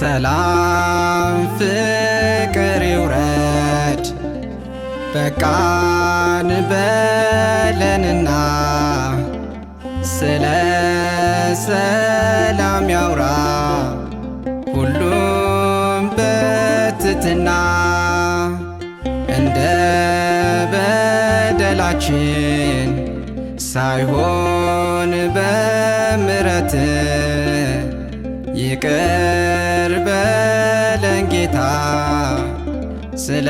ሰላም ፍቅር ይውረድ በቃን በለንና ስለ ሰላም ያውራ ሁሉም በትትና እንደ በደላችን ሳይሆን በምረት ይቅር ጌታ ስለ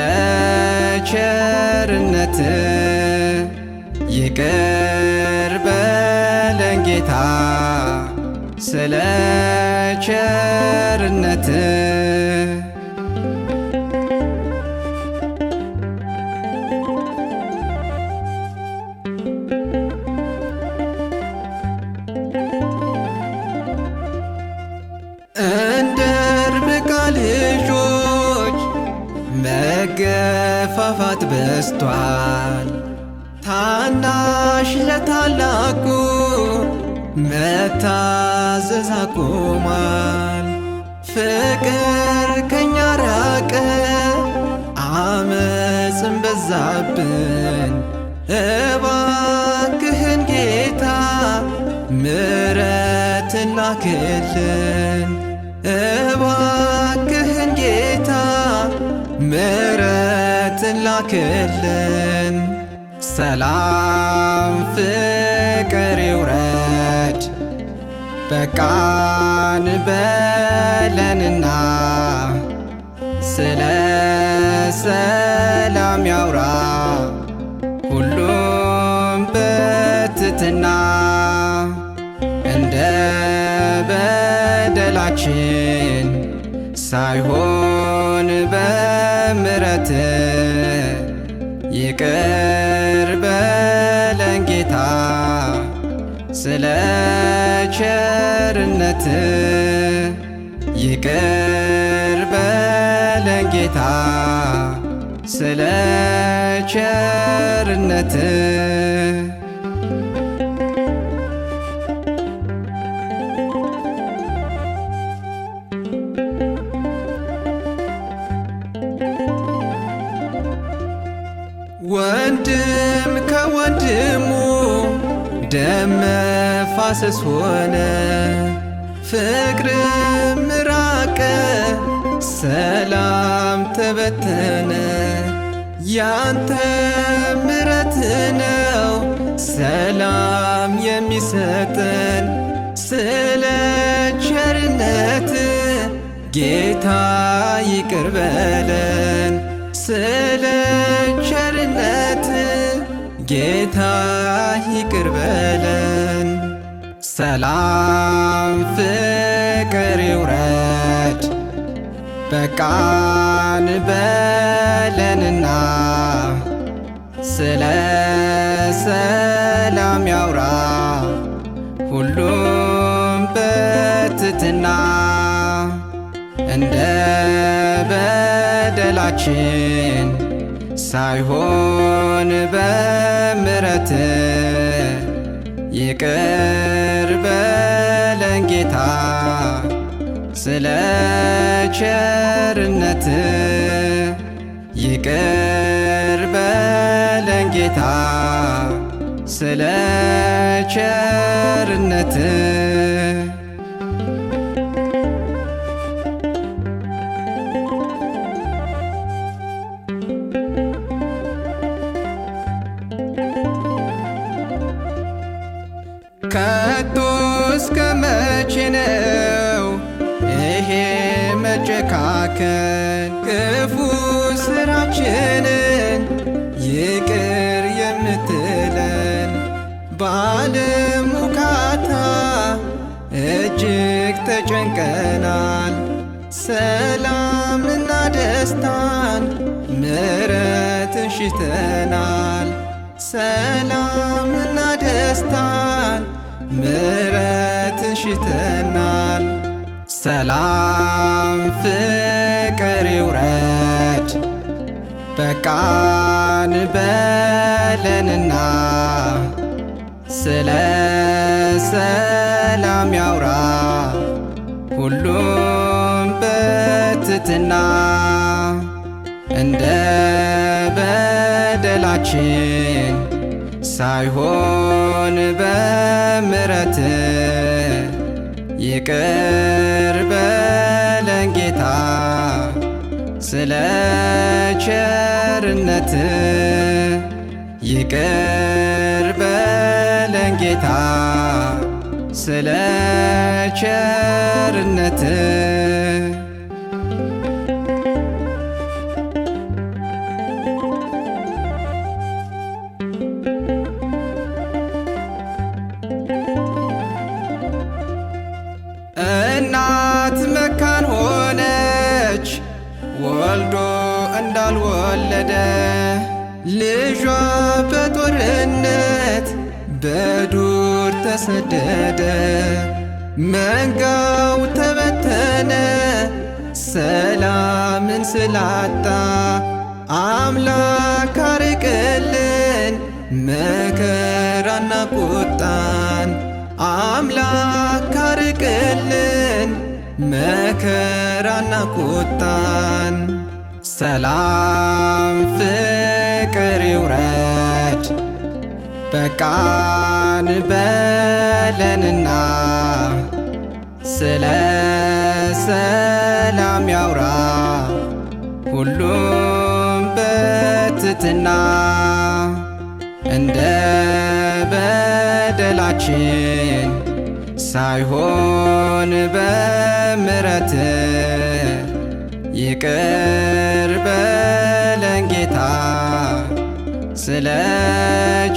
ቸርነት ይቅር በለን ጌታ ስለ ቸርነት እንደ ቃልህ መገፋፋት በስቷል። ታናሽ ለታላቁ መታዘዝ አቁሟል። ፍቅር ከኛ ራቀ፣ አመፅን በዛብን። እባክህን ጌታ ምሕረትን ላክልን እባ ምሕረትን ላክልን ሰላም ፍቅር ይውረድ በቃን በለንና ስለ ሰላም ያውራ ሁሉም በትትና እንደ በደላችን ሳይሆን ኃጢአት ይቅር በለን ጌታ ስለ ቸርነት ይቅር በለን ጌታ ስለ ቸርነት ደም መፋሰስ ሆነ ፍቅርም ራቀ ሰላም ተበተነ ያንተ ምረት ነው ሰላም የሚሰጠን ስለ ቸርነት ጌታ ይቅርበለን ስለ ቸርነት ጌታ ይቅር በለን። ሰላም ፍቅር ይውረድ፣ በቃን በለንና ስለ ሰላም ያውራ ሁሉም በትትና እንደ በደላችን ሳይሆን በምረት ይቅር በለን ጌታ ስለ ቸርነት ይቅር በለን ጌታ ስለ ቸርነት መቼ ነው ይሄ መጨካከል ክፉ ስራችንን ይቅር የምትለን በዓለም ውካታ እጅግ ተጨንቀናል። ሰላምና ደስታን ምሕረትን ሽተናል። ሰላምና ደስታን ምሕረት ተሽተናል። ሰላም ፍቅር ይውረድ በቃን በለንና ስለ ሰላም ያውራ ሁሉም በትትና እንደ በደላችን ሳይሆን በምረትን ይቅር በለን ጌታ ስለ ቸርነት ይቅር በለን ጌታ ስለ ቸርነት ወለደ ልጇ በጦርነት በዱር ተሰደደ። መንጋው ተበተነ ሰላምን ስላጣ አምላክ አርቅልን መከራና ቁጣን አምላክ አርቅልን መከራና ቁጣን ሰላም ፍቅር ይውረድ በቃን በለንና ስለ ሰላም ያውራ ሁሉም በትትና እንደ በደላችን ሳይሆን በምረት ይቅር በለን ጌታ ስለ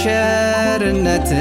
ቸርነት